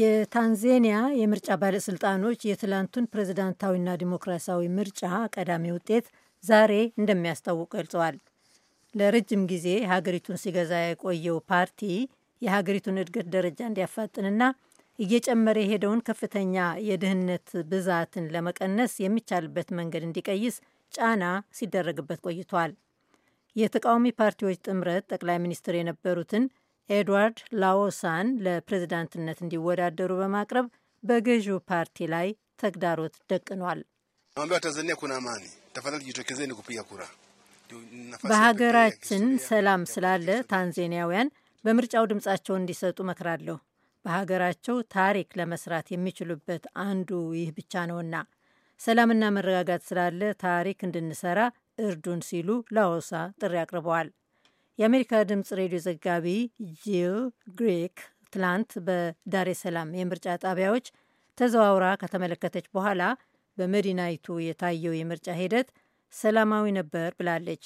የታንዜኒያ የምርጫ ባለስልጣኖች የትላንቱን ፕሬዝዳንታዊና ዲሞክራሲያዊ ምርጫ ቀዳሚ ውጤት ዛሬ እንደሚያስታውቅ ገልጸዋል። ለረጅም ጊዜ ሀገሪቱን ሲገዛ የቆየው ፓርቲ የሀገሪቱን እድገት ደረጃ እንዲያፋጥንና እየጨመረ የሄደውን ከፍተኛ የድህነት ብዛትን ለመቀነስ የሚቻልበት መንገድ እንዲቀይስ ጫና ሲደረግበት ቆይቷል። የተቃዋሚ ፓርቲዎች ጥምረት ጠቅላይ ሚኒስትር የነበሩትን ኤድዋርድ ላዎሳን ለፕሬዝዳንትነት እንዲወዳደሩ በማቅረብ በገዢው ፓርቲ ላይ ተግዳሮት ደቅኗል። በሀገራችን ሰላም ስላለ ታንዜኒያውያን በምርጫው ድምጻቸው እንዲሰጡ መክራለሁ። በሀገራቸው ታሪክ ለመስራት የሚችሉበት አንዱ ይህ ብቻ ነውና ሰላምና መረጋጋት ስላለ ታሪክ እንድንሰራ እርዱን ሲሉ ላዎሳ ጥሪ አቅርበዋል። የአሜሪካ ድምፅ ሬዲዮ ዘጋቢ ጂል ግሪክ ትላንት በዳሬ ሰላም የምርጫ ጣቢያዎች ተዘዋውራ ከተመለከተች በኋላ በመዲናይቱ የታየው የምርጫ ሂደት ሰላማዊ ነበር ብላለች።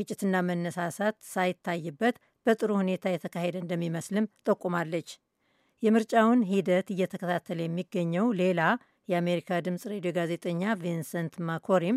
ግጭትና መነሳሳት ሳይታይበት በጥሩ ሁኔታ የተካሄደ እንደሚመስልም ጠቁማለች። የምርጫውን ሂደት እየተከታተለ የሚገኘው ሌላ የአሜሪካ ድምፅ ሬዲዮ ጋዜጠኛ ቪንሰንት ማኮሪም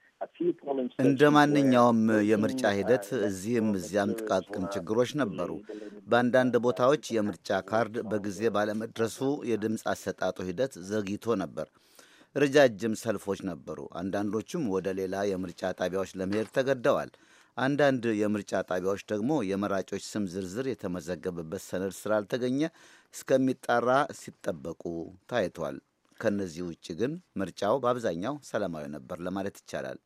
እንደ ማንኛውም የምርጫ ሂደት እዚህም እዚያም ጥቃቅም ችግሮች ነበሩ። በአንዳንድ ቦታዎች የምርጫ ካርድ በጊዜ ባለመድረሱ የድምፅ አሰጣጡ ሂደት ዘግይቶ ነበር። ረጃጅም ሰልፎች ነበሩ። አንዳንዶቹም ወደ ሌላ የምርጫ ጣቢያዎች ለመሄድ ተገደዋል። አንዳንድ የምርጫ ጣቢያዎች ደግሞ የመራጮች ስም ዝርዝር የተመዘገበበት ሰነድ ስላልተገኘ እስከሚጣራ ሲጠበቁ ታይቷል። ከነዚህ ውጭ ግን ምርጫው በአብዛኛው ሰላማዊ ነበር ለማለት ይቻላል።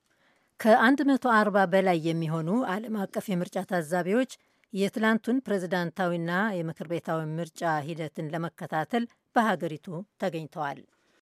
ከ140 በላይ የሚሆኑ ዓለም አቀፍ የምርጫ ታዛቢዎች የትላንቱን ፕሬዝዳንታዊና የምክር ቤታዊ ምርጫ ሂደትን ለመከታተል በሀገሪቱ ተገኝተዋል።